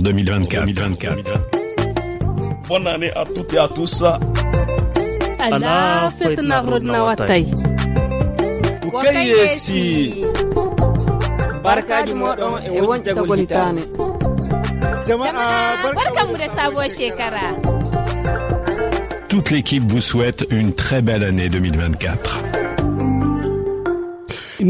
2024. Bonne année à toutes et à tous. ala fetna rodna watay kayesi barkaji moɗon e, e woncagol hitane jama'a barkamu da sabuwar shekara Toute l'équipe vous souhaite une très belle année 2024.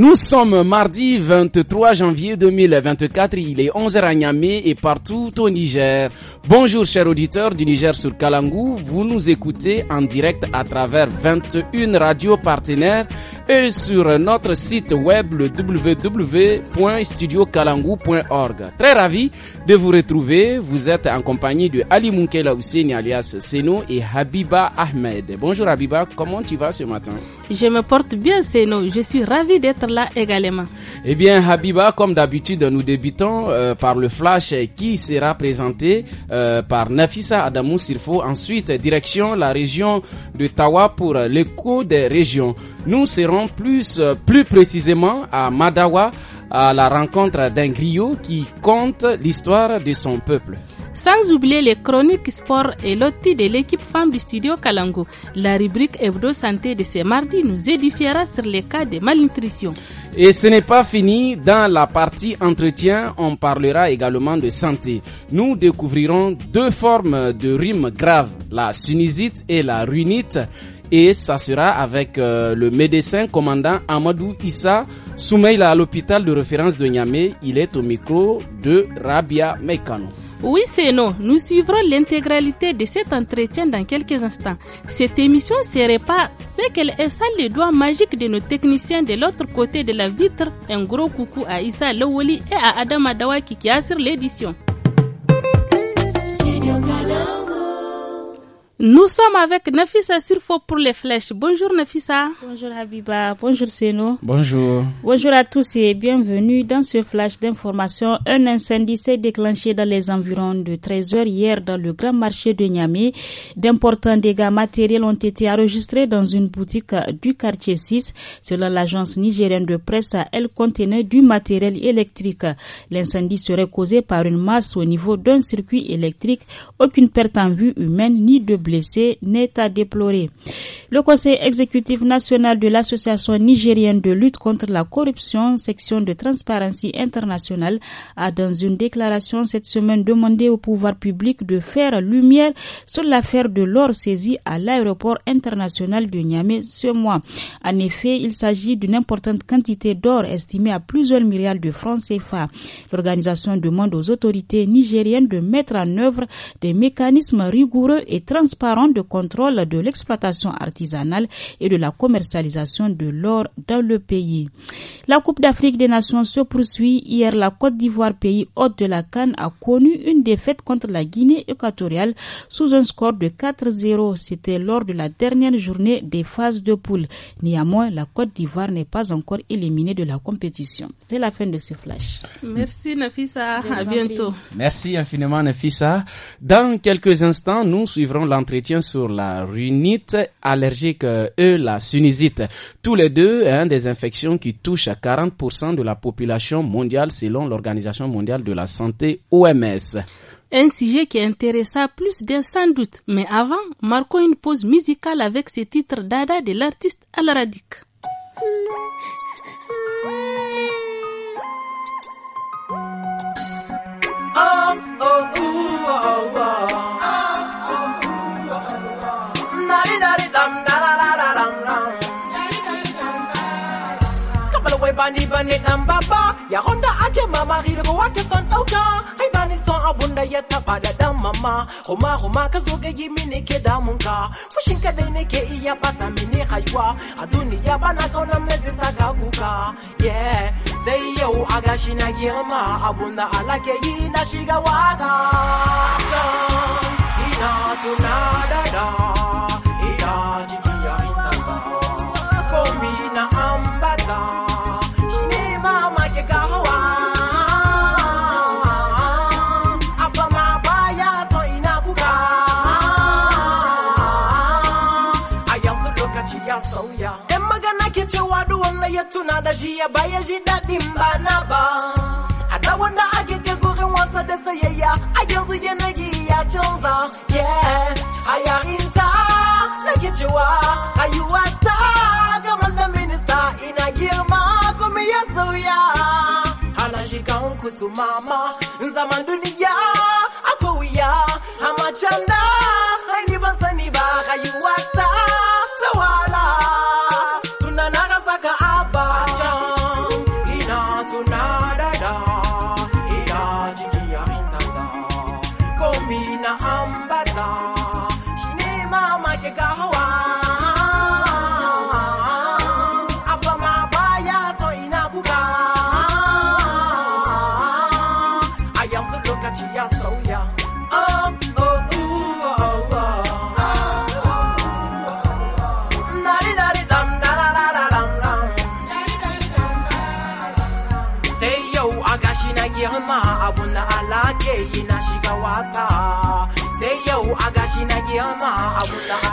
Nous sommes mardi 23 janvier 2024, il est 11h à Niamey et partout au Niger. Bonjour chers auditeurs du Niger sur Kalangou, vous nous écoutez en direct à travers 21 radios partenaires et sur notre site web le www.studiocalangou.org. Très ravi de vous retrouver. Vous êtes en compagnie de Ali Moukela alias Seno et Habiba Ahmed. Bonjour Habiba, comment tu vas ce matin Je me porte bien Seno, je suis ravi d'être là également. Eh bien Habiba, comme d'habitude, nous débutons euh, par le flash qui sera présenté euh, par Nafissa Adamou Sirfo. Ensuite, direction la région de Tawa pour l'écho des régions. Nous serons plus, euh, plus précisément à Madawa à la rencontre d'un griot qui compte l'histoire de son peuple. Sans oublier les chroniques sport et lotis de l'équipe femme du studio Kalango. La rubrique Hebdo Santé de ce mardi nous édifiera sur les cas de malnutrition. Et ce n'est pas fini. Dans la partie entretien, on parlera également de santé. Nous découvrirons deux formes de rimes graves, la sunnisite et la runite et ça sera avec euh, le médecin commandant Amadou Issa Soumeila à l'hôpital de référence de Niamey. Il est au micro de Rabia Mekano. Oui, c'est non. Nous suivrons l'intégralité de cet entretien dans quelques instants. Cette émission serait pas c'est qu'elle est sans les doigts magiques de nos techniciens de l'autre côté de la vitre. Un gros coucou à Issa Lowoli et à Adam Adawaki qui assure l'édition. Nous sommes avec Nafissa Surfo pour les flèches. Bonjour Nafissa. Bonjour Habiba. Bonjour Seno. Bonjour. Bonjour à tous et bienvenue dans ce flash d'information. Un incendie s'est déclenché dans les environs de 13 heures hier dans le grand marché de Niamey. D'importants dégâts matériels ont été enregistrés dans une boutique du quartier 6. Selon l'agence nigérienne de presse, elle contenait du matériel électrique. L'incendie serait causé par une masse au niveau d'un circuit électrique. Aucune perte en vue humaine ni de blessés n'est à déplorer. Le Conseil exécutif national de l'Association nigérienne de lutte contre la corruption, section de transparence internationale, a dans une déclaration cette semaine demandé au pouvoir public de faire lumière sur l'affaire de l'or saisi à l'aéroport international de Niamey ce mois. En effet, il s'agit d'une importante quantité d'or estimée à plusieurs milliards de francs CFA. L'organisation demande aux autorités nigériennes de mettre en œuvre des mécanismes rigoureux et transparents an de contrôle de l'exploitation artisanale et de la commercialisation de l'or dans le pays. La Coupe d'Afrique des Nations se poursuit. Hier, la Côte d'Ivoire, pays hôte de la Cannes, a connu une défaite contre la Guinée équatoriale sous un score de 4-0. C'était lors de la dernière journée des phases de poule. Néanmoins, la Côte d'Ivoire n'est pas encore éliminée de la compétition. C'est la fin de ce flash. Merci Nafisa, à bientôt. Merci infiniment Nafisa. Dans quelques instants, nous suivrons l'entrée entretien sur la runite allergique, euh, et la sinusite. Tous les deux, hein, des infections qui touchent à 40% de la population mondiale selon l'Organisation mondiale de la santé, OMS. Un sujet qui intéressa plus d'un sans doute, mais avant, marquons une pause musicale avec ce titre Dada de l'artiste Alaradik. Ah, oh, oh, oh, bani bane dan baba yaron da ake mamari daga wake son dauka ai bani son abun da ya taba da dan mama kuma kuma ka zo ga gimi ne ke damun ka fushin ka dai nake iya bata mini haiwa a duniya bana kauna mai zai saka kuka yeah sai yau a gashi na girma abun alake yi na shiga waka ina tunada da da ina she a buyer, she ba in banaba. I don't wonder I get the good and yeah, yeah. Yeah, am in town. Look at you are, ah. are you a I'm minister in a year, ma, come here, so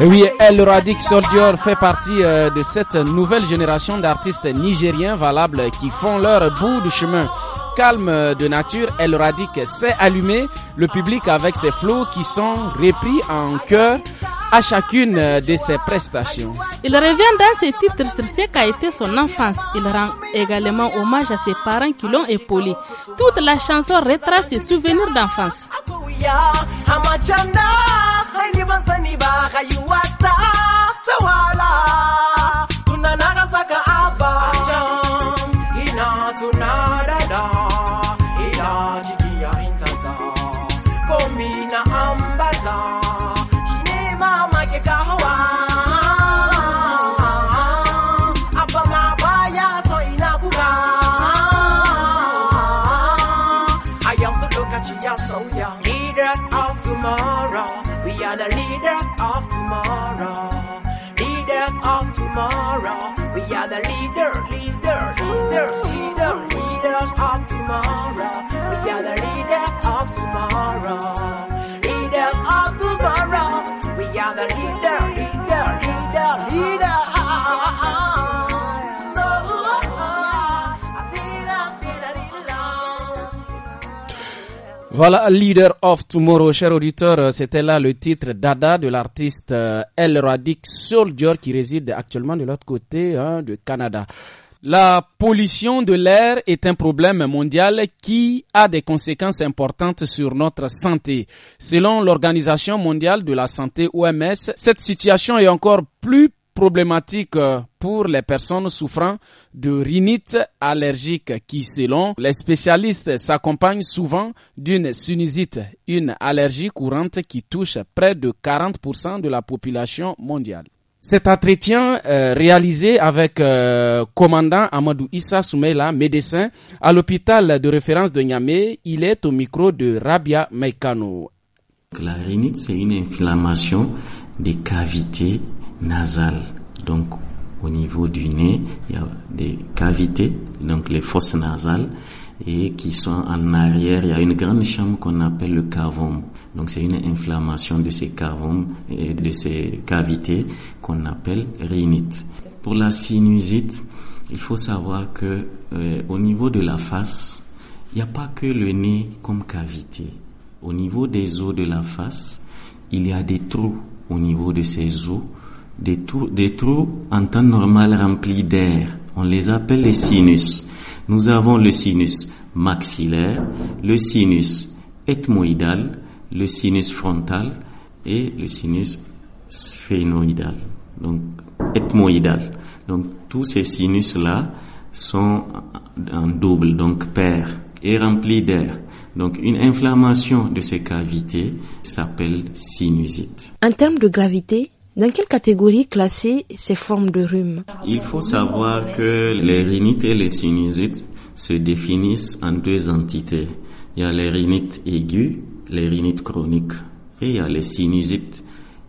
oui, El Radik Soldier fait partie euh, de cette nouvelle génération d'artistes nigériens valables qui font leur bout de chemin calme de nature, El Radik sait allumer le public avec ses flots qui sont repris en cœur à chacune de ses prestations. Il revient dans ses titres sur ce qu'a été son enfance. Il rend également hommage à ses parents qui l'ont épaulé. Toute la chanson retrace ses souvenirs d'enfance. ya hamacana ni ban sani ba haiwata tawala We are the leaders of tomorrow. Leaders of tomorrow. We are the leader, leader, leaders Voilà, Leader of Tomorrow, cher auditeur, euh, c'était là le titre Dada de l'artiste euh, El Radic Soldier qui réside actuellement de l'autre côté hein, du Canada. La pollution de l'air est un problème mondial qui a des conséquences importantes sur notre santé. Selon l'Organisation mondiale de la santé OMS, cette situation est encore plus problématique euh, pour les personnes souffrant de rhinite allergique qui, selon les spécialistes, s'accompagne souvent d'une sinusite, une allergie courante qui touche près de 40% de la population mondiale. Cet entretien euh, réalisé avec euh, commandant Amadou Issa Soumela, médecin à l'hôpital de référence de Niamey, il est au micro de Rabia Meikano. La rhinite, c'est une inflammation des cavités nasales. Donc, au niveau du nez, il y a des cavités, donc les fosses nasales, et qui sont en arrière. Il y a une grande chambre qu'on appelle le cavum. Donc c'est une inflammation de ces cavums et de ces cavités qu'on appelle rhinite. Pour la sinusite, il faut savoir que euh, au niveau de la face, il n'y a pas que le nez comme cavité. Au niveau des os de la face, il y a des trous au niveau de ces os des trous, en temps normal remplis d'air. On les appelle les sinus. Nous avons le sinus maxillaire, le sinus ethmoïdal, le sinus frontal et le sinus sphénoïdal. Donc, ethmoïdal. Donc, tous ces sinus-là sont en double, donc pair, et remplis d'air. Donc, une inflammation de ces cavités s'appelle sinusite. En termes de gravité, dans quelle catégorie classer ces formes de rhume Il faut savoir que les rhinites et les sinusites se définissent en deux entités. Il y a les rhinites aiguës, les rhinites chroniques. Et il y a les sinusites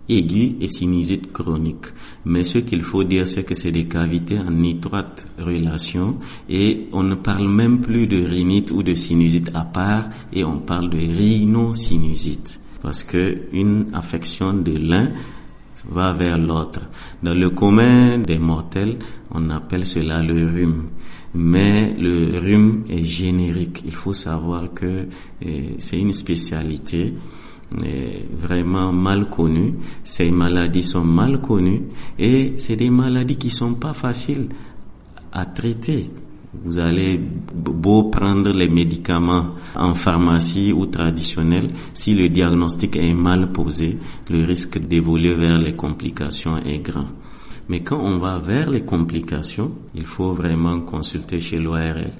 aiguës et sinusites chroniques. Mais ce qu'il faut dire, c'est que c'est des cavités en étroite relation et on ne parle même plus de rhinite ou de sinusite à part et on parle de rhinosinusite. Parce que une affection de l'un va vers l'autre. Dans le commun des mortels, on appelle cela le rhume. Mais le rhume est générique. Il faut savoir que euh, c'est une spécialité euh, vraiment mal connue. Ces maladies sont mal connues et c'est des maladies qui sont pas faciles à traiter vous allez beau prendre les médicaments en pharmacie ou traditionnels, si le diagnostic est mal posé, le risque d'évoluer vers les complications est grand. Mais quand on va vers les complications, il faut vraiment consulter chez l'ORL.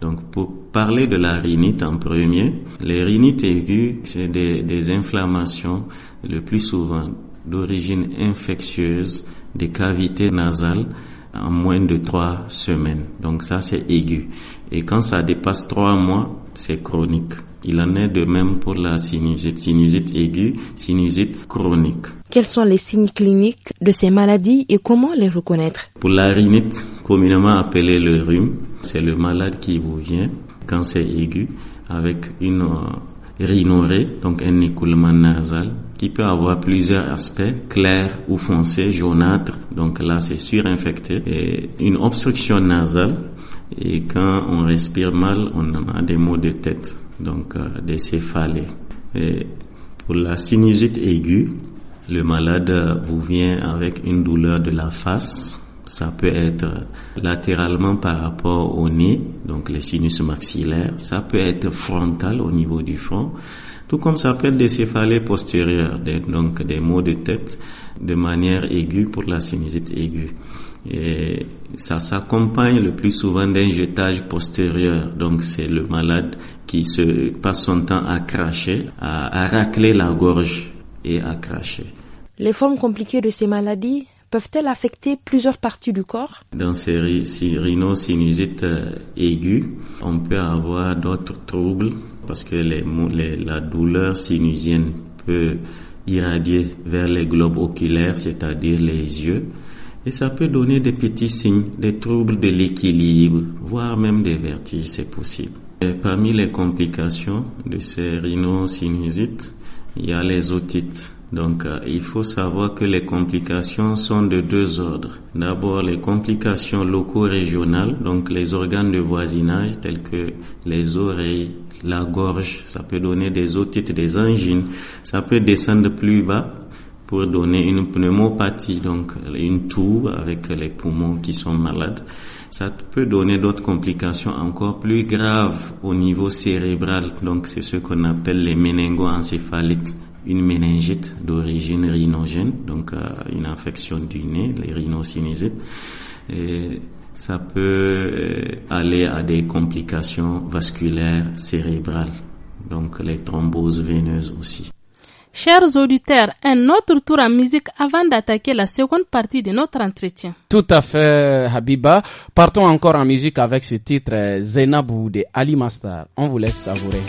Donc pour parler de la rhinite en premier, les rhinites aiguës, c'est des, des inflammations le plus souvent d'origine infectieuse des cavités nasales en moins de trois semaines. Donc ça, c'est aigu. Et quand ça dépasse trois mois, c'est chronique. Il en est de même pour la sinusite, sinusite aiguë, sinusite chronique. Quels sont les signes cliniques de ces maladies et comment les reconnaître Pour la rhinite, communément appelée le rhume, c'est le malade qui vous vient quand c'est aigu avec une euh, rhinorée, donc un écoulement nasal, qui peut avoir plusieurs aspects, clair ou foncé, jaunâtre, donc là c'est surinfecté, et une obstruction nasale, et quand on respire mal, on a des maux de tête, donc euh, des céphalées. Et pour la sinusite aiguë, le malade euh, vous vient avec une douleur de la face, ça peut être latéralement par rapport au nez, donc les sinus maxillaires. Ça peut être frontal au niveau du front. Tout comme ça peut être des céphalées postérieures, donc des maux de tête de manière aiguë pour la sinusite aiguë. Et ça s'accompagne le plus souvent d'un jetage postérieur. Donc c'est le malade qui se passe son temps à cracher, à racler la gorge et à cracher. Les formes compliquées de ces maladies peuvent-elles affecter plusieurs parties du corps Dans ces, rhino rhinosinusites euh, aigus, on peut avoir d'autres troubles parce que les, la douleur sinusienne peut irradier vers les globes oculaires, c'est-à-dire les yeux, et ça peut donner des petits signes, des troubles de l'équilibre, voire même des vertiges, c'est possible. parmi les complications de ces sinusites, il y a les otites. Donc euh, il faut savoir que les complications sont de deux ordres. D'abord les complications locaux-régionales, donc les organes de voisinage tels que les oreilles, la gorge, ça peut donner des otites, des angines, ça peut descendre plus bas pour donner une pneumopathie, donc une toux avec les poumons qui sont malades. Ça peut donner d'autres complications encore plus graves au niveau cérébral, donc c'est ce qu'on appelle les méningoencéphalites une méningite d'origine rhinogène, donc euh, une infection du nez, les rhinosinusites, Et ça peut euh, aller à des complications vasculaires cérébrales, donc les thromboses veineuses aussi. Chers auditeurs, un autre tour en musique avant d'attaquer la seconde partie de notre entretien. Tout à fait, Habiba. Partons encore en musique avec ce titre euh, Zenabou de Ali Mastar, On vous laisse savourer.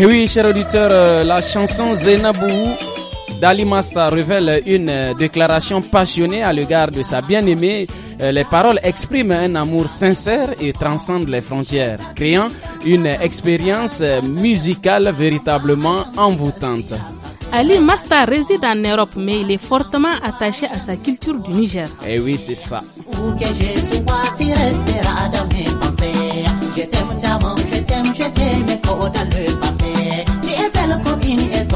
Et eh oui, cher auditeur, euh, la chanson Zenabou d'Ali Masta révèle une euh, déclaration passionnée à l'égard de sa bien-aimée. Euh, les paroles expriment un amour sincère et transcendent les frontières, créant une expérience musicale véritablement envoûtante. Ali Masta réside en Europe, mais il est fortement attaché à sa culture du Niger. Eh oui, c'est ça. je t'aime je t'aime, je t'aime,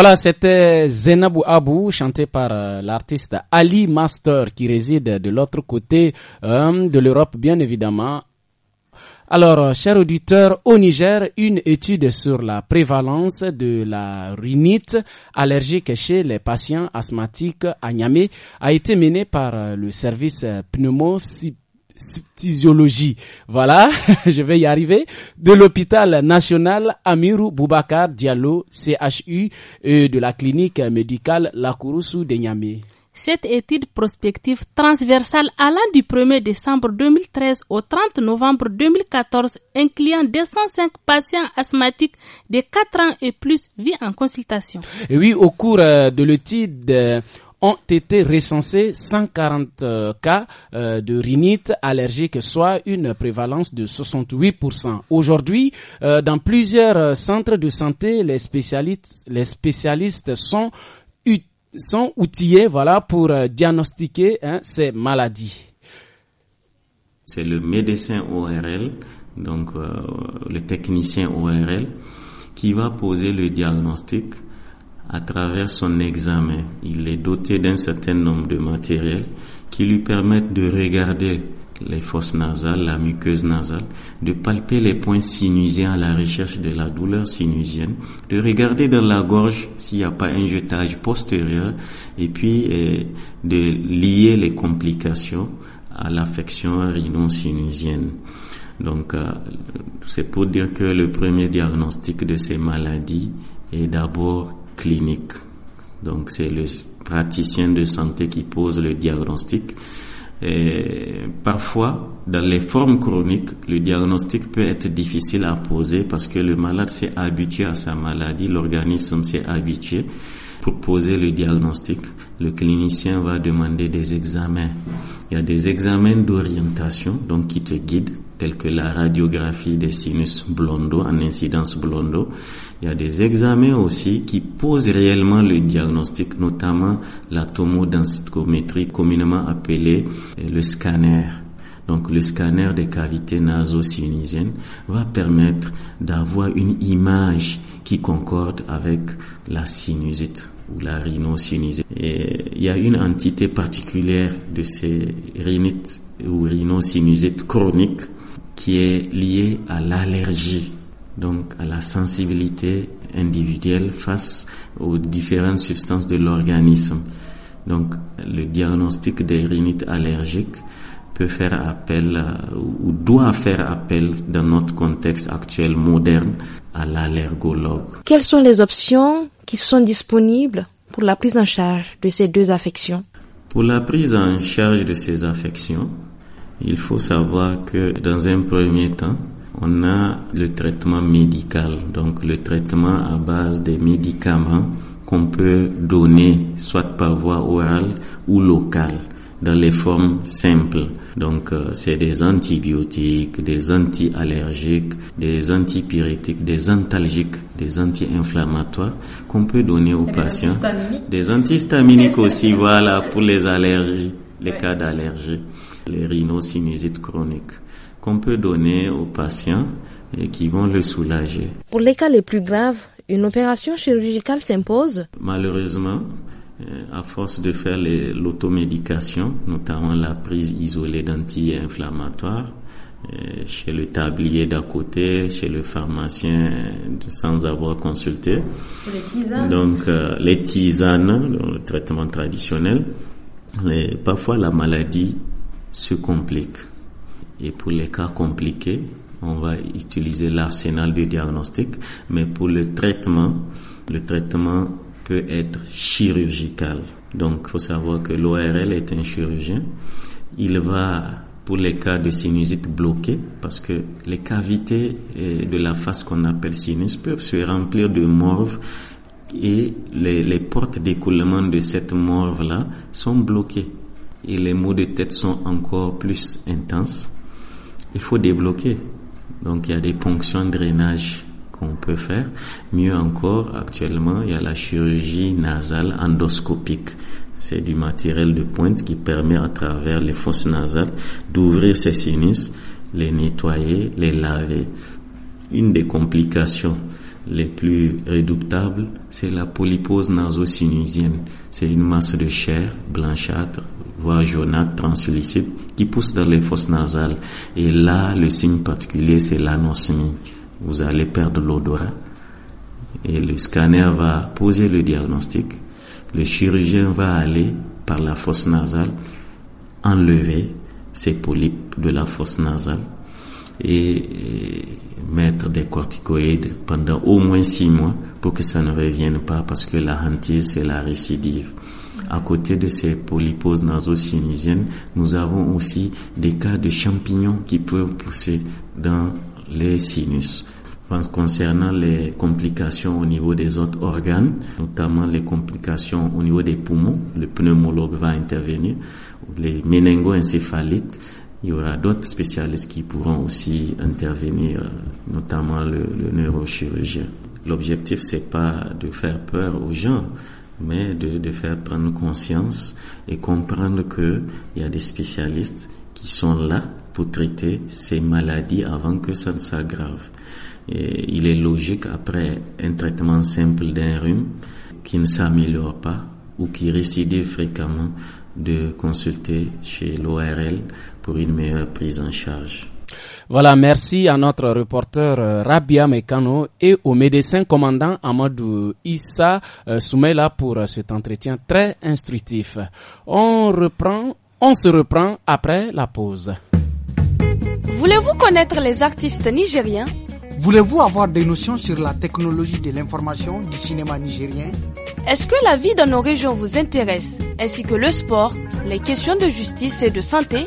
Voilà, c'était Zenabou Abou, chanté par euh, l'artiste Ali Master, qui réside de l'autre côté euh, de l'Europe, bien évidemment. Alors, euh, chers auditeurs, au Niger, une étude sur la prévalence de la rhinite allergique chez les patients asthmatiques à Niamey a été menée par le service pneumo physiologie. Voilà, je vais y arriver. De l'hôpital national Amirou Boubacar Diallo, CHU, et de la clinique médicale Lakourousou de Niamey. Cette étude prospective transversale allant du 1er décembre 2013 au 30 novembre 2014 incluant 205 patients asthmatiques de 4 ans et plus vit en consultation. oui, au cours euh, de l'étude, euh, ont été recensés 140 euh, cas euh, de rhinite allergique, soit une prévalence de 68%. Aujourd'hui, euh, dans plusieurs centres de santé, les spécialistes, sont, outillés voilà, pour diagnostiquer hein, ces maladies. C'est le médecin ORL, donc le technicien ORL, qui va poser le diagnostic à travers son examen, il est doté d'un certain nombre de matériels qui lui permettent de regarder les fosses nasales, la muqueuse nasale, de palper les points sinusiens à la recherche de la douleur sinusienne, de regarder dans la gorge s'il n'y a pas un jetage postérieur, et puis eh, de lier les complications à l'affection rhino Donc, euh, c'est pour dire que le premier diagnostic de ces maladies est d'abord clinique. Donc c'est le praticien de santé qui pose le diagnostic. Et parfois, dans les formes chroniques, le diagnostic peut être difficile à poser parce que le malade s'est habitué à sa maladie, l'organisme s'est habitué. Pour poser le diagnostic, le clinicien va demander des examens. Il y a des examens d'orientation, donc qui te guident, tels que la radiographie des sinus blondo en incidence blondo il y a des examens aussi qui posent réellement le diagnostic, notamment la tomodensitométrie, communément appelée euh, le scanner. Donc le scanner des cavités naso-sinusiennes va permettre d'avoir une image qui concorde avec la sinusite ou la rhinosinusite. Et il y a une entité particulière de ces rhinites ou rhinosinusite chroniques qui est liée à l'allergie donc à la sensibilité individuelle face aux différentes substances de l'organisme. Donc le diagnostic des rhinites allergiques peut faire appel euh, ou doit faire appel dans notre contexte actuel moderne à l'allergologue. Quelles sont les options qui sont disponibles pour la prise en charge de ces deux affections Pour la prise en charge de ces affections, il faut savoir que dans un premier temps, on a le traitement médical, donc le traitement à base des médicaments qu'on peut donner soit par voie orale ou locale dans les formes simples. Donc euh, c'est des antibiotiques, des anti-allergiques, des antipyrétiques, des antalgiques, des anti-inflammatoires qu'on peut donner aux des patients. Des antihistaminiques aussi, voilà, pour les allergies, les cas d'allergie, les rhinosinusites chroniques peut donner aux patients et euh, qui vont le soulager. Pour les cas les plus graves, une opération chirurgicale s'impose Malheureusement, euh, à force de faire l'automédication, notamment la prise isolée d'anti-inflammatoires, euh, chez le tablier d'à côté, chez le pharmacien sans avoir consulté. Donc les tisanes, le traitement traditionnel. parfois la maladie se complique. Et pour les cas compliqués, on va utiliser l'arsenal du diagnostic, mais pour le traitement, le traitement peut être chirurgical. Donc, il faut savoir que l'ORL est un chirurgien. Il va, pour les cas de sinusite bloquée, parce que les cavités euh, de la face qu'on appelle sinus peuvent se remplir de morve et les, les portes d'écoulement de cette morve-là sont bloquées. Et les maux de tête sont encore plus intenses il faut débloquer. Donc il y a des ponctions de drainage qu'on peut faire. Mieux encore, actuellement, il y a la chirurgie nasale endoscopique. C'est du matériel de pointe qui permet à travers les fosses nasales d'ouvrir ces sinus, les nettoyer, les laver. Une des complications les plus redoutables, c'est la polypose naso-sinusienne. C'est une masse de chair blanchâtre voire jaunâtre, translucide, qui pousse dans les fosses nasales. Et là, le signe particulier, c'est l'anosmie. Vous allez perdre l'odorat. Et le scanner va poser le diagnostic. Le chirurgien va aller par la fosse nasale enlever ces polypes de la fosse nasale et mettre des corticoïdes pendant au moins six mois pour que ça ne revienne pas parce que la hantise, c'est la récidive. À côté de ces polyposes nasocinusiennes, nous avons aussi des cas de champignons qui peuvent pousser dans les sinus. Concernant les complications au niveau des autres organes, notamment les complications au niveau des poumons, le pneumologue va intervenir, les méningoencéphalites, il y aura d'autres spécialistes qui pourront aussi intervenir, notamment le, le neurochirurgien. L'objectif, c'est pas de faire peur aux gens, mais de, faire prendre conscience et comprendre qu'il y a des spécialistes qui sont là pour traiter ces maladies avant que ça ne s'aggrave. Et il est logique après un traitement simple d'un rhume qui ne s'améliore pas ou qui récidive fréquemment de consulter chez l'ORL pour une meilleure prise en charge. Voilà, merci à notre reporter euh, Rabia Mekano et au médecin commandant Amadou Issa euh, Soumela pour euh, cet entretien très instructif. On reprend, on se reprend après la pause. Voulez-vous connaître les artistes nigériens Voulez-vous avoir des notions sur la technologie de l'information du cinéma nigérien Est-ce que la vie dans nos régions vous intéresse, ainsi que le sport, les questions de justice et de santé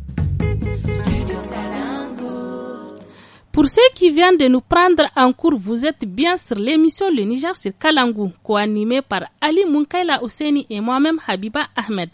Pour ceux qui viennent de nous prendre en cours, vous êtes bien sur l'émission Le Niger sur Kalangou, co par Ali Munkaila Ouseni et moi-même Habiba Ahmed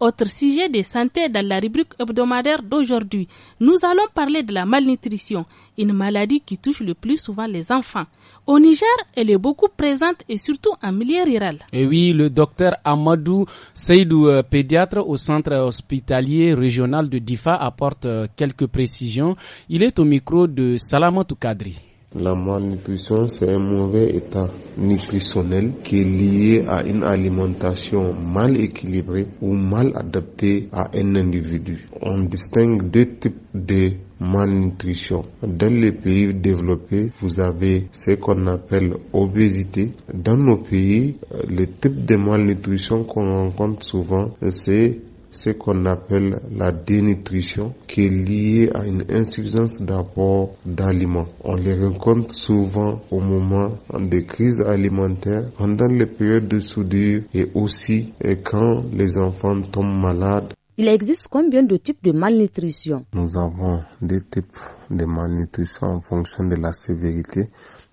autre sujet de santé dans la rubrique hebdomadaire d'aujourd'hui. Nous allons parler de la malnutrition, une maladie qui touche le plus souvent les enfants. Au Niger, elle est beaucoup présente et surtout en milieu rural. Et oui, le docteur Amadou Seydou, euh, pédiatre au centre hospitalier régional de Difa, apporte euh, quelques précisions. Il est au micro de Salamatou Kadri. La malnutrition, c'est un mauvais état nutritionnel qui est lié à une alimentation mal équilibrée ou mal adaptée à un individu. On distingue deux types de malnutrition. Dans les pays développés, vous avez ce qu'on appelle obésité. Dans nos pays, euh, le type de malnutrition qu'on rencontre souvent, c'est ce qu'on appelle la dénutrition qui est liée à une insuffisance d'apport d'aliments. On les rencontre souvent au moment des crises alimentaires, pendant les périodes de soudure et aussi et quand les enfants tombent malades il existe combien de types de malnutrition Nous avons des types de malnutrition en fonction de la sévérité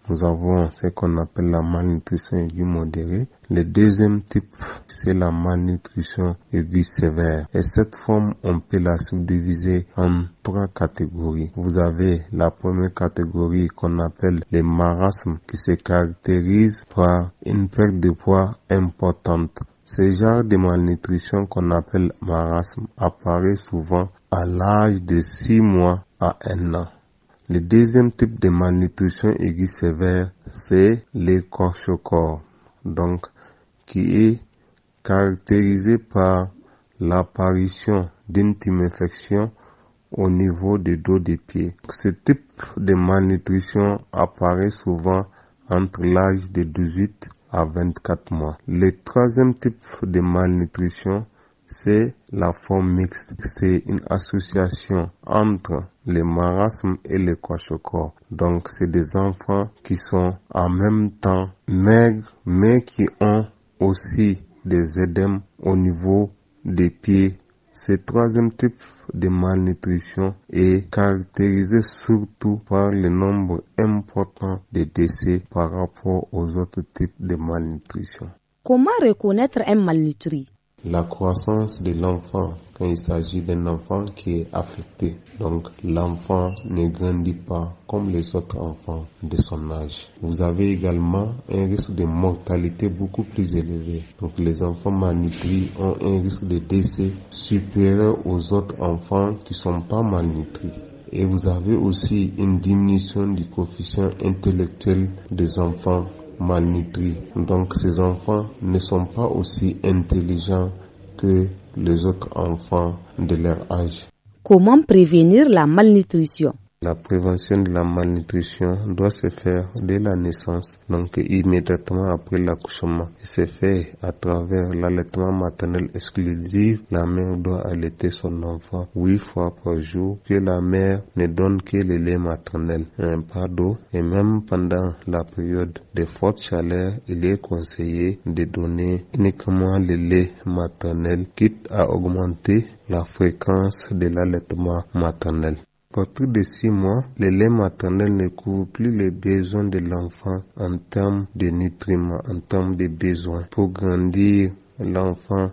nous avons ce qu'on appelle la malnutrition aiguë modérée. Le deuxième type, c'est la malnutrition aiguë sévère. Et cette forme, on peut la subdiviser en trois catégories. Vous avez la première catégorie qu'on appelle les marasmes qui se caractérise par une perte de poids importante. Ce genre de malnutrition qu'on appelle marasme apparaît souvent à l'âge de 6 mois à 1 an. Le deuxième type de malnutrition aiguë sévère, c'est corps, donc qui est caractérisé par l'apparition d'une infection au niveau des dos des pieds. Ce type de malnutrition apparaît souvent entre l'âge de 18 à 24 mois. Le troisième type de malnutrition, c'est la forme mixte. C'est une association entre le marasme et le croche-corps. Donc c'est des enfants qui sont en même temps maigres mais qui ont aussi des édèmes au niveau des pieds. Ce troisième type de malnutrition est caractérisé surtout par le nombre important de décès par rapport aux autres types de malnutrition. Comment reconnaître un malnutri la croissance de l'enfant, quand il s'agit d'un enfant qui est affecté, donc l'enfant ne grandit pas comme les autres enfants de son âge. Vous avez également un risque de mortalité beaucoup plus élevé. Donc les enfants malnutris ont un risque de décès supérieur aux autres enfants qui ne sont pas malnutris et vous avez aussi une diminution du coefficient intellectuel des enfants malnutris. Donc ces enfants ne sont pas aussi intelligents que les autres enfants de leur âge. Comment prévenir la malnutrition la prévention de la malnutrition doit se faire dès la naissance, donc immédiatement après l'accouchement. Et se fait à travers l'allaitement maternel exclusif. La mère doit allaiter son enfant huit fois par jour, que la mère ne donne que le lait maternel, un pas d'eau. Et même pendant la période de forte chaleur, il est conseillé de donner uniquement le lait maternel, quitte à augmenter la fréquence de l'allaitement maternel. Pour plus de six mois, le lait maternel ne couvre plus les besoins de l'enfant en termes de nutriments, en termes de besoins. Pour grandir, l'enfant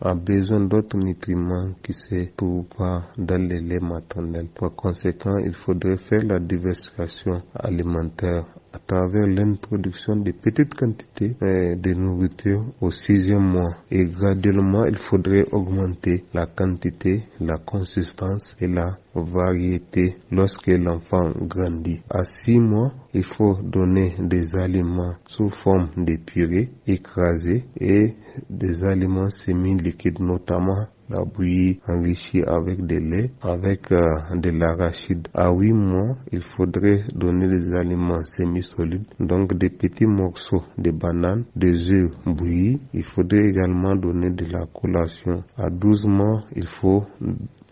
a besoin d'autres nutriments qui se trouvent pas dans le lait maternel. Par conséquent, il faudrait faire la diversification alimentaire à travers l'introduction de petites quantités euh, de nourriture au sixième mois. Et graduellement, il faudrait augmenter la quantité, la consistance et la variété lorsque l'enfant grandit. À six mois, il faut donner des aliments sous forme de purée écrasée et des aliments semi-liquides, notamment la bouillie enrichie avec des lait, avec euh, de l'arachide. À 8 mois, il faudrait donner des aliments semi-solides, donc des petits morceaux de bananes, des œufs bouillis. Il faudrait également donner de la collation. À 12 mois, il faut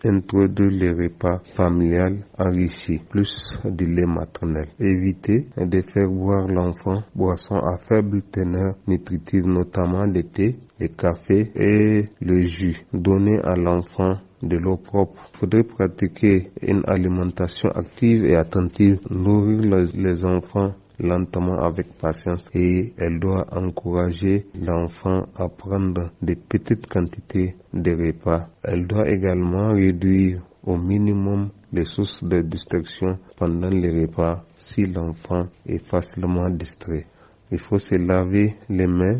introduire les repas familial enrichis, plus du lait maternel. Éviter de faire boire l'enfant boissons à faible teneur nutritive, notamment le thé, le café et le jus. Donner à l'enfant de l'eau propre. faudrait pratiquer une alimentation active et attentive, nourrir les enfants lentement avec patience et elle doit encourager l'enfant à prendre des petites quantités de repas. Elle doit également réduire au minimum les sources de distraction pendant les repas si l'enfant est facilement distrait. Il faut se laver les mains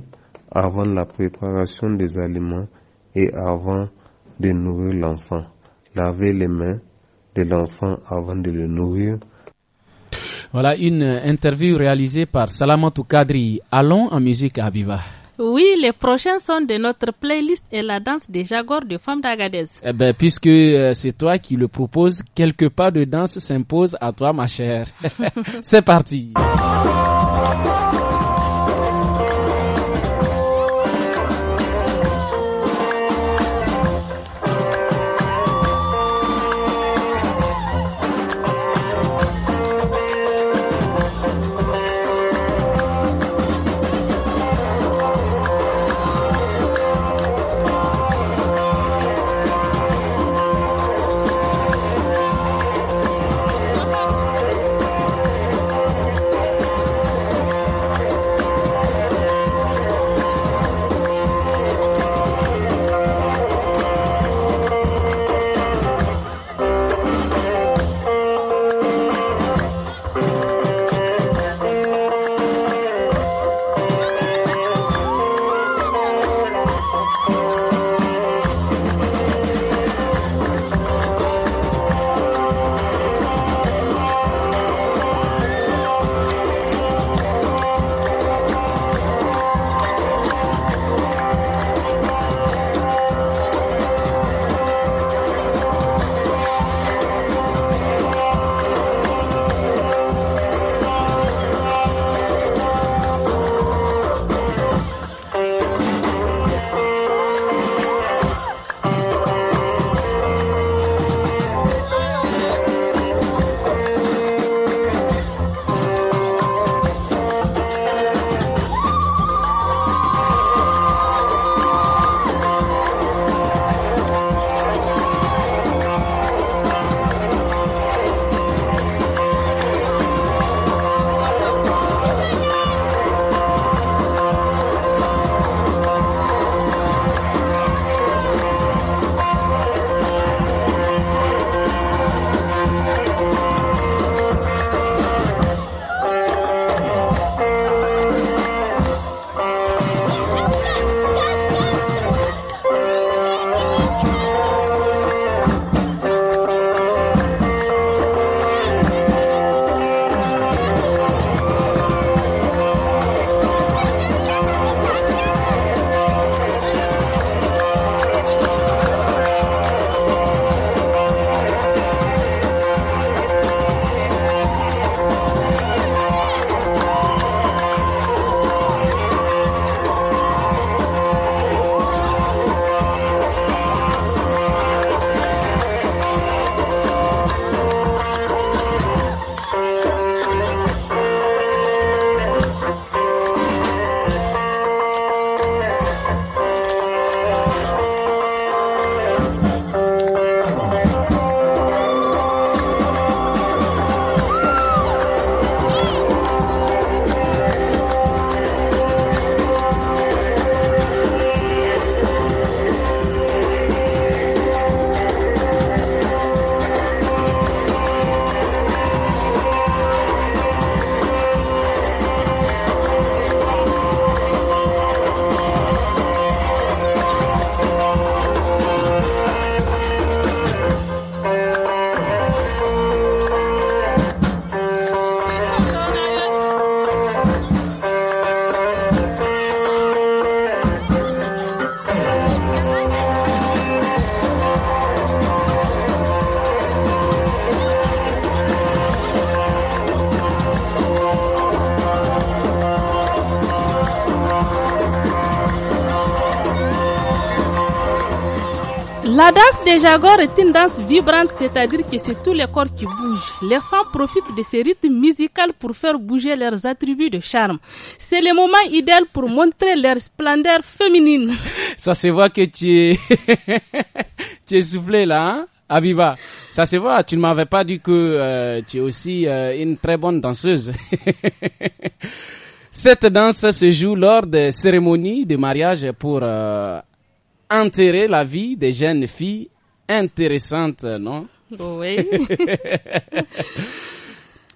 avant la préparation des aliments et avant de nourrir l'enfant. Laver les mains de l'enfant avant de le nourrir voilà une euh, interview réalisée par Salamantou Kadri. Allons en musique à viva Oui, les prochains sont de notre playlist et la danse des Jaguars de femmes d'Agadez. Eh ben, puisque euh, c'est toi qui le proposes, quelques pas de danse s'imposent à toi, ma chère. c'est parti. le est une danse vibrante, c'est-à-dire que c'est tous les corps qui bougent. Les femmes profitent de ces rythmes musicaux pour faire bouger leurs attributs de charme. C'est le moment idéal pour montrer leur splendeur féminine. Ça se voit que tu es, tu es soufflé là, hein? Abiba, ça se voit, tu ne m'avais pas dit que euh, tu es aussi euh, une très bonne danseuse. Cette danse se joue lors des cérémonies de mariage pour euh, enterrer la vie des jeunes filles intéressante, non Oui.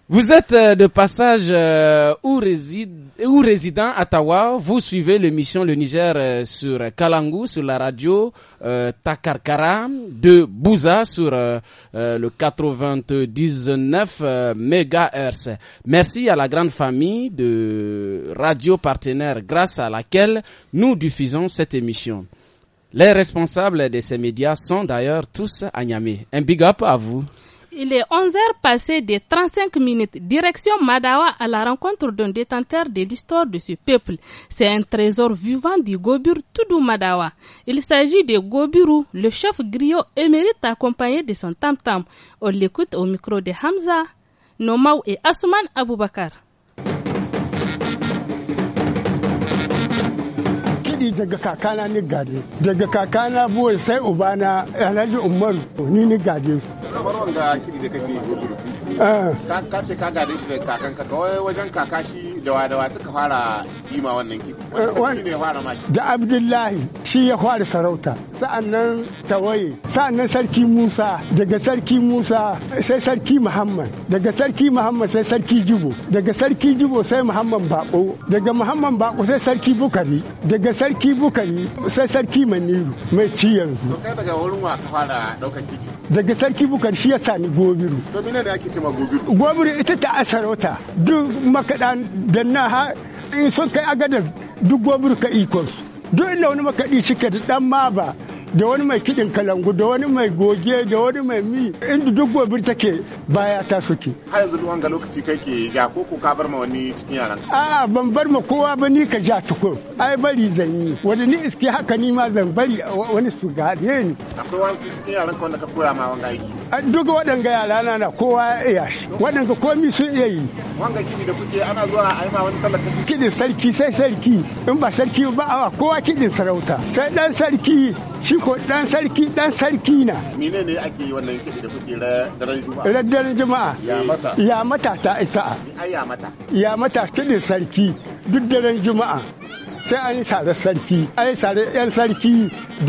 Vous êtes euh, de passage euh, ou, réside, ou résident à Tawa. Vous suivez l'émission Le Niger euh, sur Kalangu, sur la radio Takarkara de Bouza sur le 99 MHz. Merci à la grande famille de radio partenaires grâce à laquelle nous diffusons cette émission. Les responsables de ces médias sont d'ailleurs tous à Niamey. Un big up à vous. Il est 11h passé de 35 minutes, direction Madawa à la rencontre d'un détenteur de l'histoire de ce peuple. C'est un trésor vivant du Gobur Tudu Madawa. Il s'agit de Goburu, le chef griot émérite accompagné de son tam-tam. On l'écoute au micro de Hamza, Nomaou et Asuman Aboubakar. gadi daga kakana ni gade daga kakana buwai sai ubana alhaji umaru ni ni gade su kiri da eh. ka ce ka gade shi da kakanka kawai wajen kaka shi dawa dawa suka fara yi ma wannan kiri da abdullahi shi ya fara sarauta sa'annan tawaye sa'annan sarki musa daga sarki musa sai sarki muhammad daga sarki muhammad sai sarki jibo daga sarki jibo sai muhammad bako daga muhammad bako sai sarki bukari daga sarki bukari sai sarki maniru mai ci yanzu daga ka fara daga sarki Bukari shi ya sani gobiru. da gobiru? Gobiru ita ta sarauta. duk makaɗan da na ha in sun kai agadar duk gwamnati ka ikon su duk inda wani makaɗi shike da ɗan ma ba da wani mai kiɗin kalangu da wani mai goge da wani mai mi inda duk gobir take baya ta suke har yanzu duwan ga lokaci kai ke ja ko ko ka bar ma wani cikin yaran a ban bar ma kowa ba ni ka ja tukur ai bari zan yi Wani ni iske haka ni ma zan bari wani su gare ni akwai wani cikin yaran ka wanda ka koya ma wanga yi. duk waɗanga yara na na kowa ya iya shi waɗanga komi sun iya yi wanga kiɗi da kuke ana zuwa a yi ma wani talaka kiɗin sarki sai sarki in ba sarki ba kowa kiɗin sarauta sai ɗan sarki shi ko dan sarki dan sarki na mene ne ake yi wannan kiɗi da kuke daren juma'a daren juma'a ya mata ya mata ta ita ya mata ya mata kiɗin sarki duk daren juma'a sai an yi sarar sarki an yi sarar yan sarki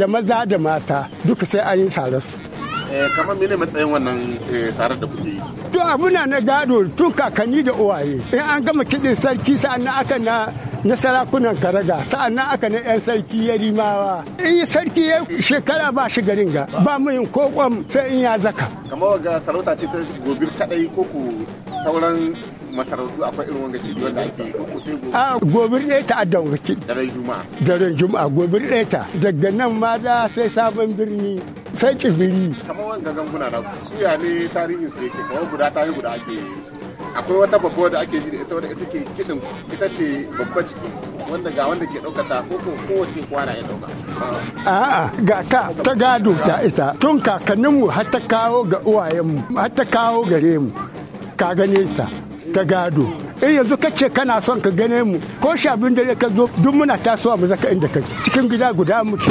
da maza da mata duka sai an yi sarar su Eh, kamar mene matsayin wannan eh, sarar da kuke yi to abuna na gado tun kakanni da uwaye in an gama kiɗin sarki sa'an na aka na na sarakunan karaga na aka na 'yan sarki ya rimawa in yi sarki ya shekara ba shi garin ga ba mu yin kokon sai in ya zaka kamar ga sarauta ce ta gobir kadai ko ku sauran masarautu akwai irin wanga kiɗi wanda ake ko sai gobe. A gobir ɗaya ta adon wanga Daren Juma'a. Daren Juma'a gobir ɗaya ta. Daga nan ma da sai sabon birni sai kibiri kamar wanga ganguna na suya ne tarihin su yake kawai guda ta yi guda ake akwai wata babba da ake yi da ita wadda ita ke kiɗin ita ce babba ciki wanda ga wanda ke ɗaukata ko ko kowace kwana ya ɗauka. A'a ga ta ta gado ta ita tun kakanninmu har ta kawo ga uwayenmu har ta kawo gare mu ka gane ta ta gado. in yanzu ka ce kana son ka gane mu ko shabin dare ka zo duk muna tasowa mu zaka inda ka cikin gida guda muke.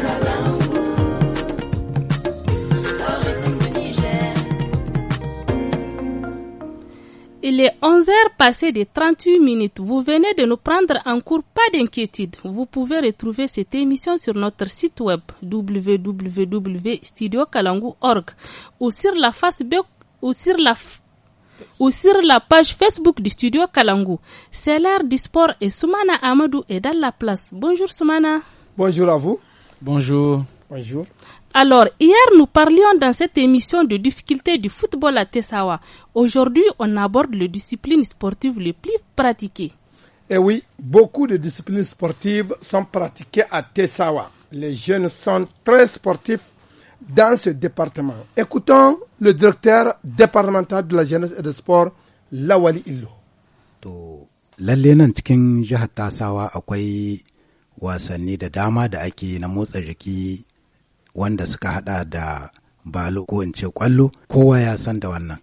Il est 11h passé de 38 minutes. Vous venez de nous prendre en cours. Pas d'inquiétude. Vous pouvez retrouver cette émission sur notre site web www.studiokalangu.org ou sur la ou sur la page Facebook du studio Kalangu. C'est l'heure du sport et Soumana Amadou est dans la place. Bonjour Soumana. Bonjour à vous. Bonjour. Bonjour. Alors, hier, nous parlions dans cette émission de difficultés du football à Tessawa. Aujourd'hui, on aborde les disciplines sportives les plus pratiquées. Eh oui, beaucoup de disciplines sportives sont pratiquées à Tessawa. Les jeunes sont très sportifs dans ce département. Écoutons le directeur départemental de la jeunesse et du sport, Lawali Illo. wanda suka hada da balo ko in ce kwallo kowa ya san da wannan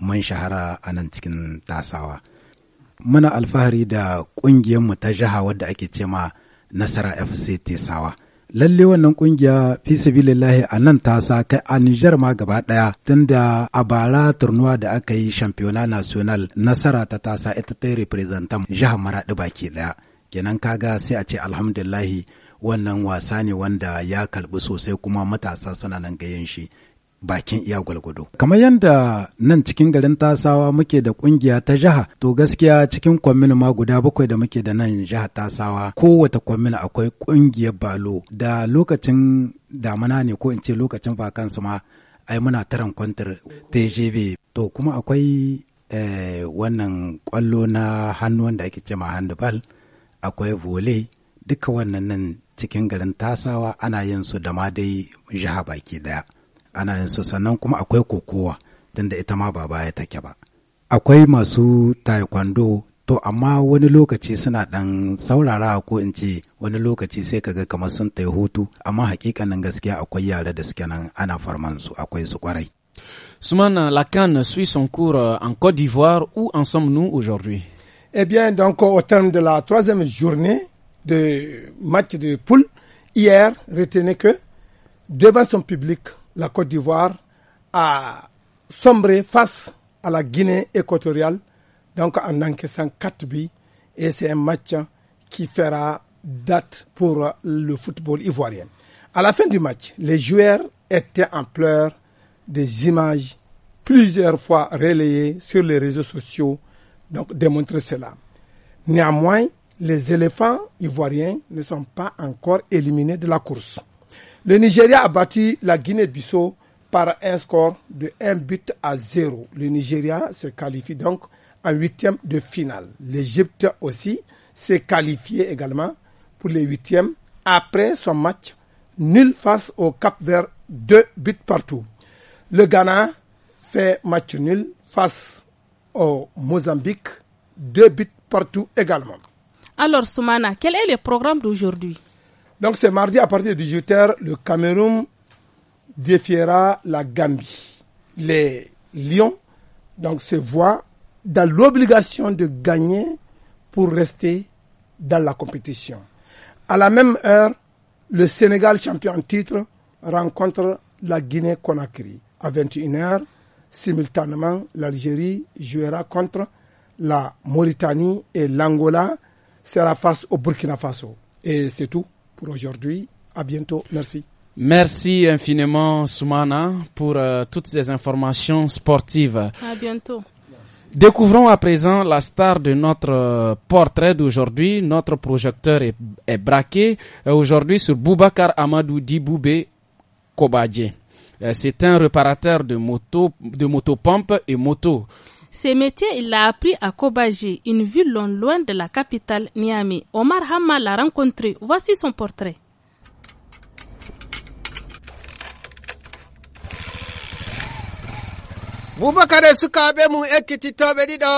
mun shahara a nan cikin tasawa muna alfahari da mu ta jiha wadda ake ce ma nasara fc tesawa lalle wannan kungiya fi sabilillahi a nan tasa sa kai a Nijar ma gaba daya tunda a bara turnuwa da aka yi shampiyona national nasara ta tasa ita ta yi representan jihar Maradi baki daya kenan kaga sai a ce alhamdulillahi wannan wasa ne wanda ya karbi sosai kuma matasa suna nan gayen shi bakin iya gwalgwado. Kamar yadda nan cikin garin tasawa muke da kungiya ta jiha, to gaskiya cikin kwamin ma guda bakwai da muke da nan jiha tasawa kowace kwamin akwai kungiyar balo da lokacin damana ne ko in ce lokacin bakansu ma ai muna taran kwantar TGV. To kuma akwai eh, wannan kwallo na hannu wanda ake cema handball, akwai vole duka wannan nan cikin garin tasawa ana yin su da ma dai jiha baki daya ana yin su sannan kuma akwai kokowa tunda ita ma ba baya take ba akwai masu taekwondo to amma wani lokaci suna ɗan saurara ko in ce wani lokaci sai kaga kamar sun tai hutu amma hakikanin gaskiya akwai yare da suke nan ana farman su akwai su kwarai Soumana, la Cannes suit son cours euh, en Côte d'Ivoire. Où en sommes-nous aujourd'hui Eh bien, donc, au terme de la troisième journée, de match de poule, hier, retenez que devant son public, la Côte d'Ivoire a sombré face à la Guinée équatoriale, donc en encaissant 4 buts. Et c'est un match qui fera date pour le football ivoirien. À la fin du match, les joueurs étaient en pleurs des images plusieurs fois relayées sur les réseaux sociaux, donc démontrer cela. Néanmoins, les éléphants ivoiriens ne sont pas encore éliminés de la course. Le Nigeria a battu la Guinée-Bissau par un score de 1 but à 0. Le Nigeria se qualifie donc en huitième de finale. L'Égypte aussi s'est qualifiée également pour les huitièmes après son match nul face au Cap Vert, deux buts partout. Le Ghana fait match nul face au Mozambique, deux buts partout également. Alors, Soumana, quel est le programme d'aujourd'hui Donc, c'est mardi à partir de 18h, le Cameroun défiera la Gambie. Les Lions, donc, se voient dans l'obligation de gagner pour rester dans la compétition. À la même heure, le Sénégal champion en titre rencontre la Guinée-Conakry. À 21h, simultanément, l'Algérie jouera contre la Mauritanie et l'Angola la face au Burkina Faso. Et c'est tout pour aujourd'hui. À bientôt. Merci. Merci infiniment, Soumana, pour euh, toutes ces informations sportives. À bientôt. Découvrons à présent la star de notre euh, portrait d'aujourd'hui. Notre projecteur est, braqué euh, aujourd'hui sur Boubacar Amadou Diboubé Kobadje. C'est un réparateur de moto, de motopompe et moto. Ces métiers, il l'a appris à Kobaji, une ville loin de la capitale Niamey. Omar Hamma l'a rencontré. Voici son portrait. bubakare sukaɓe mum ekkititoɓe ɗiɗo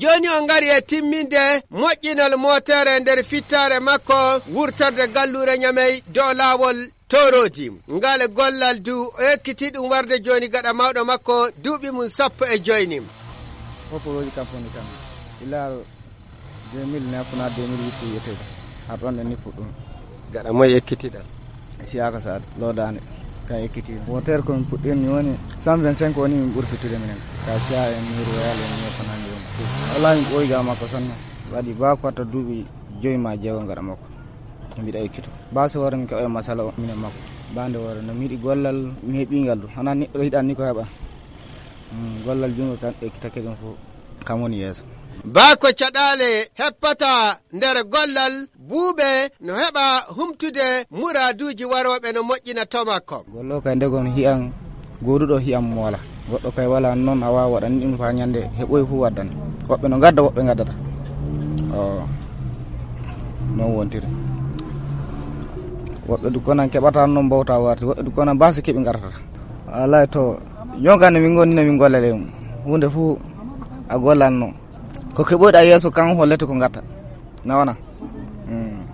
joni o gari e timminde moƴƴinol motere nder fittare makko wurtorde gallure ñamey dow lawol torodi ngal gollal du o ekkiti ɗum warde joni gaɗa mawɗo makko duuɓi mum sappo e joynim वो पूर्वज कंपनी का इला जेमिल ने अपना जेमिल भी पूरी थे अपन ने नहीं फुटूं gara mai ekiti da si aka sa loda ne ka ekiti water ko putin ni woni sam ben sen ko ni bur fitu de menen ka si a en ni royal en ni fana ni wala ni koy ga ma ko sanna wadi ba ko ta dubi joy ma jewa gara mako mi da ekito ba so waran ka e masala minen mako bande waro no mi di gollal mi hebi ngal hanan ni do ko heba Mm, gollal junngo kan ekkitakkeɗen fo kam woni yeeso baako caɗaale heppata nder gollal buuɓe no heɓa humtude muraduuji warooɓe no moƴƴina tomakko gollo ka ndegon hiyan goruɗo hiyan moola goɗɗo kay wala noon a waawa waɗan ɗum faa ñannde heɓoyi fof waddan woɓɓe no ngadda woɓɓe ngaddata o noon wontiri woɓɓe du konan keɓata noon mbawta warti woɓɓe du konan mbaasa keɓi ngaratata alaa e to jonka min gonni no min golla lewmu hunde fuu a gollanno ko keɓoɗa yeeso kan hollete ko gatta nawana mm.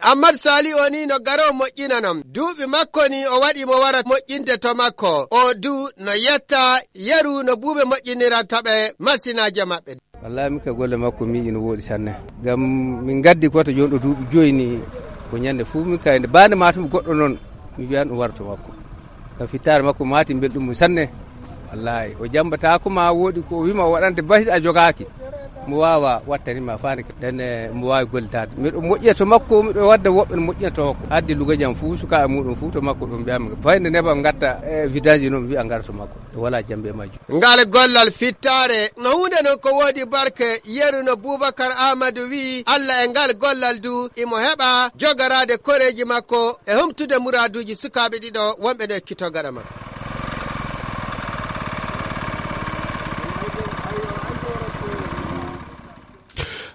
Ahmad Sali oni no garo moƴƴinanom duuɓi makko ni o waɗi mo wara moƴƴinde to makko o du no yetta yeru no buuɓe moƴƴiniranta ɓe masinaje maɓɓe wallahi ka golle makko mi ina wooɗi sanne gam min gaddi goto joni ɗo duuɓi joyi ni ko ñande fuu min ka bande matomi goɗɗo noon mi wiyan ɗum warto makko fittare makko mati belɗum mum sanne wallahi o jambatakoma wodi ko wima o waɗante basi a jogaki mi wawa wattani ma fani ɗen mi wawi gollitade miɗo moƴƴa to makko miɗo wadda woɓɓe ne moƴƴina e to makko addi lugadiam fou sukaɓe muɗum fou to makko ɗum mbiyami fayde neba gatta e vidage noon wiya gara to makko wala jambe majjum ngal gollal fittare no hunde noon ko woodi barke yeruno boubacar amadou wi allah e ngal gollal du imo heɓa jogorade koreji makko e humtude muraduji sukaɓe ɗiɗo wonɓe no ekkito gaɗa makko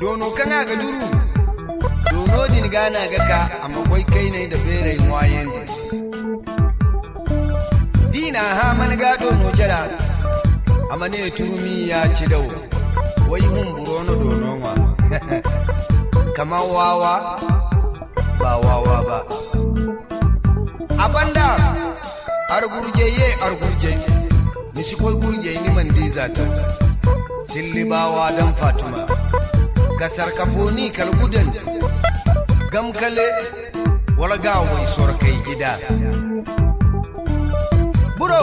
dono kana ga duru dono din gana ga ka amma koi kai ne da bere wayen dina ha man ga dono jara amma ne turumi ya ci dawo. wai mun burono dono wa? kamar wawa ba wawa ba abanda argurje ye argurje ni shi koi gurje ni man diza ta wa dan fatima ga sarkafoni kalgudan gamkale warga mai sorkai gida buro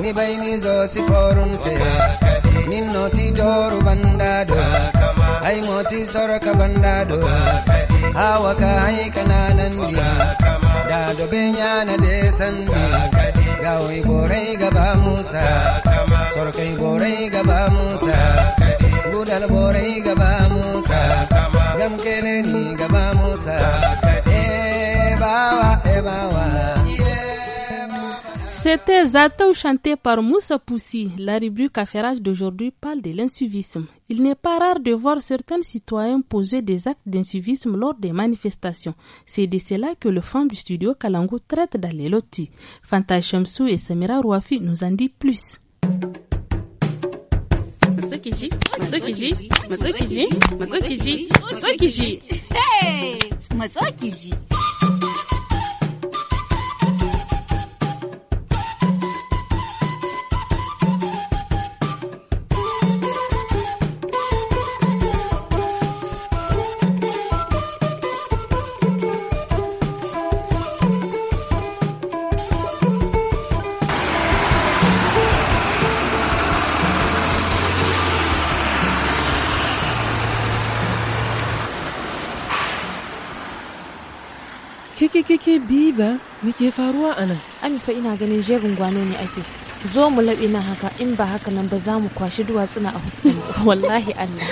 ni bayni zo si forun se ni noti joru bandado ay moti soroka bandado Hawa ka ay da do benya na de sandi gore borai ba musa gore borai ba musa gore borai ba musa gamkele ni ba musa e bawa e bawa C'était Zato chanté par Moussa Poussi. La rubrique Affairage d'aujourd'hui parle de l'insuivisme. Il n'est pas rare de voir certains citoyens poser des actes d'insuivisme lors des manifestations. C'est de cela que le fan du studio Kalango traite dans les lotis. Fanta et Samira Rouafi nous en disent plus. Ke ke ke ke biba me ke faruwa a nan? Ami fa ina ganin jerin gwano ne ake. Zo mu laɓe na haka in ba haka nan ba za mu kwashi duwatsuna a fuskar wallahi Allah.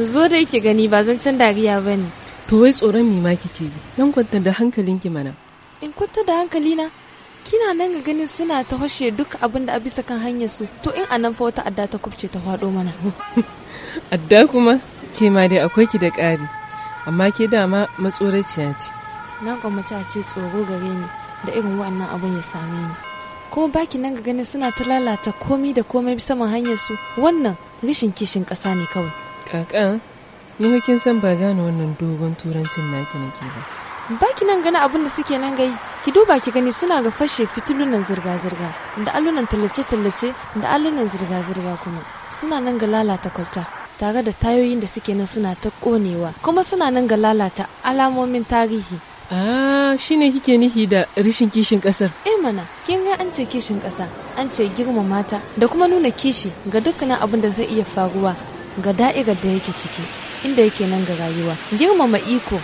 Zo da yake gani ba zan can dariya ba ne. To wai tsoron mi ma kike yi? Dan kwanta da hankalinki mana. In kwanta da hankalina? Kina nan ga ganin suna ta hoshe duk abin da a bisa kan hanyar su. To in anan fa wata adda ta kubce ta hwado mana. adda kuma? Ke ma dai akwai ki da ƙari. Amma ke dama matsoraciya ce. na gwammaci a ce tsoro gare ni da irin wannan abun ya same ni kuma baki nan ga ganin suna ta lalata komi da komai saman hanyar su wannan rashin kishin ƙasa ne kawai kakan ni kin san ba gane wannan dogon turancin naki nake ba baki nan gani abin da suke nan gai ki duba ki gani suna ga fashe fitilunan zirga-zirga da alunan tallace-tallace da alunan zirga-zirga kuma suna nan ga lalata kwalta tare da tayoyin da suke nan suna ta konewa kuma suna nan ga lalata alamomin tarihi Ah, ne kike nihi da rishin kishin kasar. Eh mana, kin ga an ce kishin ƙasa an ce girma mata da kuma nuna kishi ga dukkanin abin da zai iya faruwa ga da'irar da yake ciki, inda yake nan ga rayuwa. Girmama iko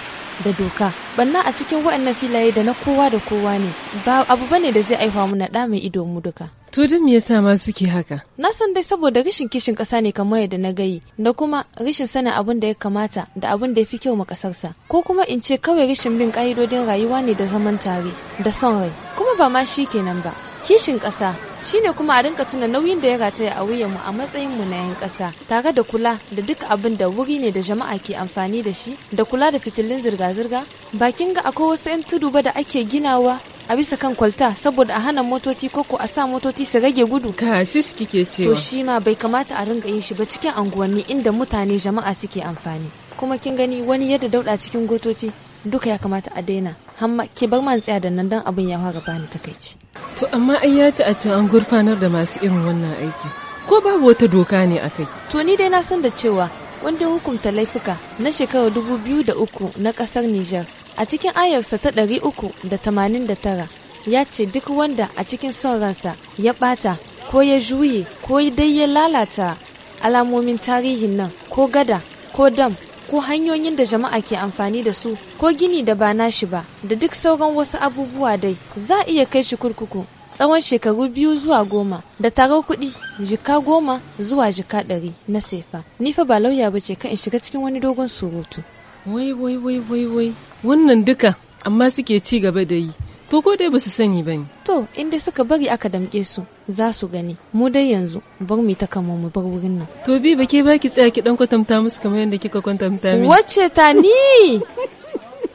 da doka banna a cikin waɗannan filaye da na kowa da kowa ne ba abu bane da zai aifa mu na ɗa mai ido mu duka to duk me yasa ma suke haka na san dai saboda rashin kishin ƙasa ne kamar yadda na gayi da kuma rashin sanin abin da ya kamata da abin da ya fi kyau ma sa ko kuma in ce kawai rashin bin ƙa'idodin rayuwa ne da zaman tare da son rai kuma ba ma shi kenan ba kishin ƙasa shine kuma a rinka tuna nauyin da ya rataya a wuyanmu a matsayinmu na 'yan ƙasa tare da kula da duk abin da wuri ne da jama'a ke amfani da shi da kula da fitilun zirga-zirga bakin ga akwai wasu 'yan tudu ba da ake ginawa a bisa kan kwalta saboda a hana motoci koko a sa motoci su rage gudu ka siski ke cewa to shi ma bai kamata a rinka yin shi ba cikin anguwanni inda mutane jama'a suke amfani kuma kin gani wani yadda dauɗa cikin gotoci duka ya kamata a daina hamma ke bar man tsaya da nan dan abin ya fara bani takaici To amma ai ya ci a can an gurfanar da masu irin wannan aiki. Ko babu wata doka ne a kai? To ni dai na san da cewa wanda hukunta laifuka na shekarar dubu biyu da uku na ƙasar Nijar a cikin ayarsa ta ɗari uku da tamanin da tara ya ce duk wanda a cikin son ransa ya ɓata ko ya juye ko dai ya lalata alamomin tarihin nan ko gada ko dam ko hanyoyin da jama'a ke amfani da su ko gini da ba nashi ba da duk sauran wasu abubuwa dai za a iya kai shi kurkuku tsawon shekaru biyu zuwa goma da tarar kuɗi jika goma zuwa jika ɗari na sefa ni fa ba lauya ba ce ka in shiga cikin wani dogon surutu wai wai wai wai wai wannan duka amma suke ci gaba da yi To ko dai basu sani ba ne. To inda suka bari aka damƙe su za su gani mu dai yanzu bar mu ta kama mu bar wurin nan. To bi ba ke ba ki tsaya ki dan kwatanta musu kamar yadda kika kwatanta mini. Wacce ta ni?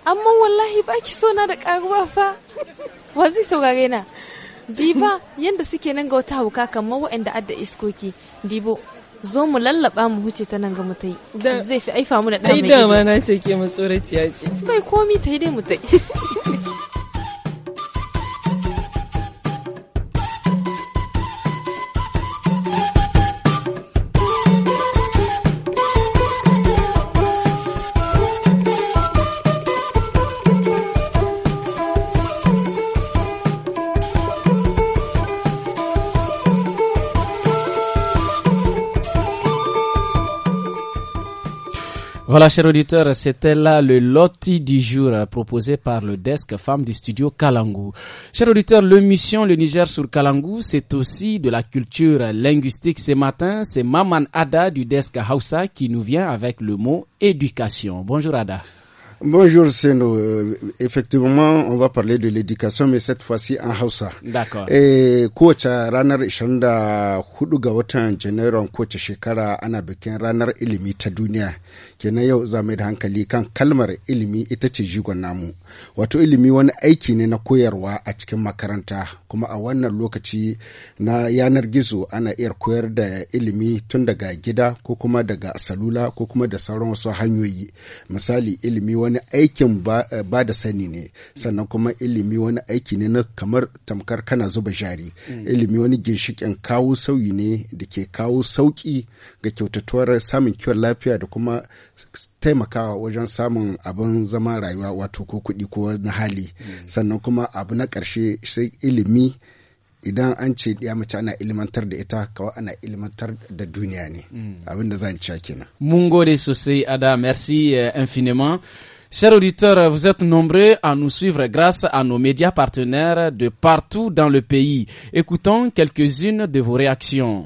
Amma wallahi ba ki so na da karuwa fa. Wa zai saurare na? Diba yadda suke nan ga wata hauka kamar waɗanda adda iskoki. Dibo zo mu lallaba mu huce ta nan ga mu tai. Zai fi aifa mu da ɗan mai. Ai dama na ce ke mu tsoraciya ce. Bai komi ta yi dai mu tai. Voilà, chers auditeurs, c'était là le loti du jour euh, proposé par le desk femme du studio Kalangu. Chers auditeurs, l'émission Le Niger sur Kalangu, c'est aussi de la culture linguistique. Ce matin, c'est Maman Ada du desk Hausa qui nous vient avec le mot éducation. Bonjour Ada. Bonjour nous. Euh, effectivement, on va parler de l'éducation, mais cette fois-ci en Hausa. D'accord. Et coach euh, ranar 24 ga watan général, shekara ana ranar na yau za mai da hankali kan kalmar ilimi ita ce jigon namu wato ilimi wani aiki ne na koyarwa a cikin makaranta kuma a wannan lokaci na yanar gizo ana iya koyar da ilimi tun daga gida ko kuma daga salula ko kuma da sauran wasu hanyoyi misali ilimi wani aikin ba, ba da sani ne sannan kuma ilimi wani aiki ne na kamar tamkar kana zuba jari mm. ilimi wani ginshikin kawo sauyi ne da ke kawo sauki ga kyautatuwar samun kiwon lafiya da kuma taimakawa wajen samun abin zama rayuwa wato ko kuɗi ko na hali mm. sannan kuma abu na ƙarshe sai ilimi idan an ce ya mace ana ilmantar da ita kawai ana ilmantar da duniya ne mm. abin da zan ci kenan mun gode sosai ada merci euh, infiniment Chers auditeurs, vous êtes nombreux à nous suivre grâce à nos médias partenaires de partout dans le pays. Écoutons quelques-unes de vos réactions.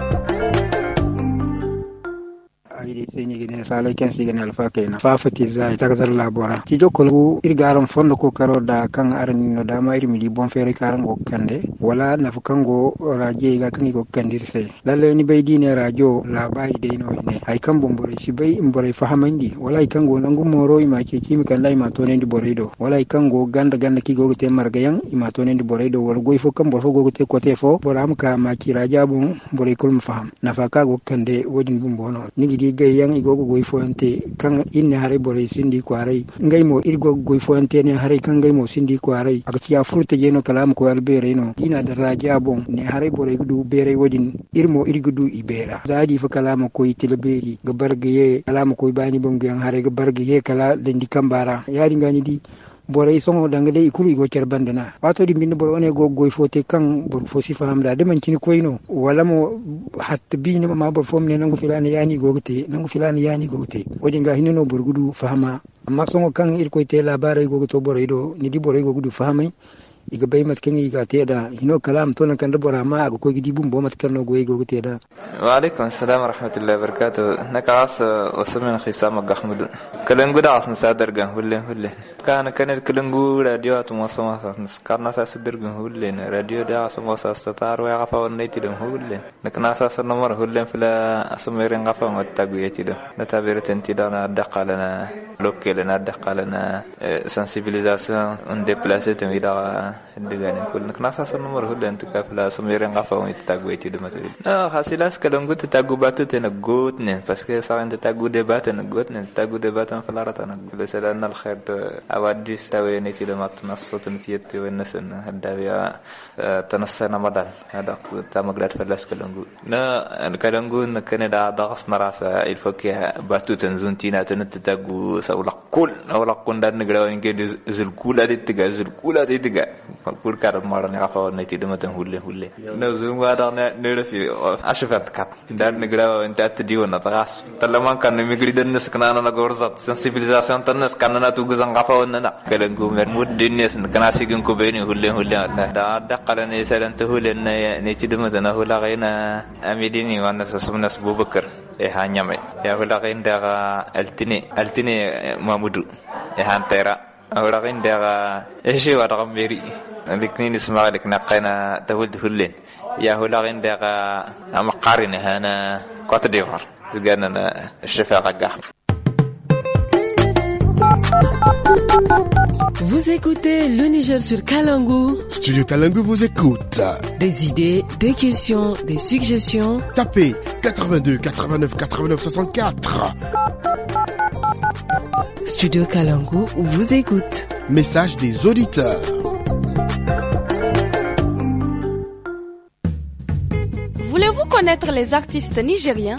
ayidi gine sala ken siganel fa kena fa fatizai takdar labora ti jokol ku irgaran fondo ko karo da kan arni no dama iri di bon fere karango kande wala nafu kango raje ga kan go la le ni bay dine radio la bay de no ne ay kan bay im bore fa hamandi wala ay kan go nangu moro ima ke mi kan lay ma to ne do wala ay kan go ganda ganda ki go te yang ima to ne boredo wal go ifo kan borfo go te ko te fo boram ka ma ki raja bon bore kul na fa ka go kande wodin bumbono nigidi gay yang igogo goy fonte kan inne hare bore sindi kwarai ngai mo irgo goy fonte ne hare kan ngai mo sindi kwarai aga tiya furte jeno kalam ko albere reno dina da raja bon ne hare bore gudu bere wodin irmo irgudu ibera zaadi fa kalama ko beri gabar gaye kalama ko bani bon gan hare gabar gaye kala dendi kambara yari ngani di bora isongo dangale ikulu igo cerbandena wato di min bora one go goy fote kan bor fosi fahamda de mancini koyno wala mo hatta bi ne ma bor fomne nangu filani yani gogte nangu filani yani gogte wodi nga hinino bor gudu fahama amma songo kan ir koyte labara igo to bora ido ni di bora igo gudu fahamay iga bay matkani iga teda hino kalam tona kan rabo rama ago ko gidi bum bomat kan no goy gogo teda wa alaikum assalam wa rahmatullahi wa barakatuh nakas usman khisam gahmud kalangu da asna sadar gan hulle hulle kan kan kalangu radio at mosama sas karna sa sadar gan hulle radio da asma sa satar wa gafa wa nayti dum hulle nakna sa namar hulle fila asmirin gafa on taguyati dum natabiratin tidana daqalana lokelana daqalana sensibilisation on déplacer tin vidara degane kulun knasa san mur hudan tu kafla sumir yang kafa wit tagu eti de matu no hasilas kalon gut tagu batu te nagut ne parce que sa ente tagu debat ne gut ne tagu debat an falara tan gule salan al khair awadi sawe ne ti de mat nasot ne ti eti wen nasen hadavia tanasana madan hada tamaglat falas kalon gut na an kalon gut ne kana da dagas narasa il faut ke batu tanzun tina tan tagu sa wala kul wala kun dan ne grawin ke zul kulat tiga zul kulat tiga Pulkar maran ya kafa wannan ti dumatan hulle hulle na zunga da na ne rafi ashafat kap dar ne gra inta ta diwa na tagas talaman kan ne migri dan nas kana na gorzat sensibilisation tan nas kana na tu gazan kafa wannan kalan go mer muddin ne sun kana sigin ko bene hulle hulle da da kala ne salan ta hulle ne ne ti dumatan hula gaina amidini wannan sasum nas bubakar e ha nyame ya hula gain daga altine altine mamudu e han tera أورغين دغا إيشي ورغم ميري لكنين اسمع لك نقينا تولد هلين يا هولاغين دغا أم قارن هنا كوت ديفار قالنا الشفاقة قاحب Vous écoutez le Niger sur Kalangu. Studio Kalangu vous écoute. Des idées, des questions, des suggestions. Tapez 82 89 89 64. Studio Kalangu vous écoute. Message des auditeurs. Voulez-vous connaître les artistes nigériens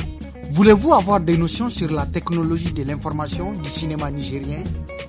Voulez-vous avoir des notions sur la technologie de l'information du cinéma nigérien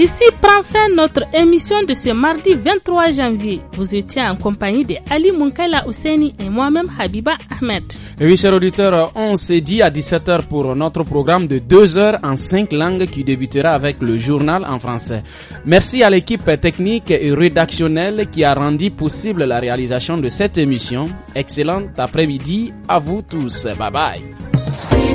Ici prend fin notre émission de ce mardi 23 janvier. Vous étiez en compagnie de Ali Munkaila et moi-même Habiba Ahmed. Oui, chers auditeurs, on s'est dit à 17h pour notre programme de 2 h en 5 langues qui débutera avec le journal en français. Merci à l'équipe technique et rédactionnelle qui a rendu possible la réalisation de cette émission. Excellent après-midi à vous tous. Bye bye.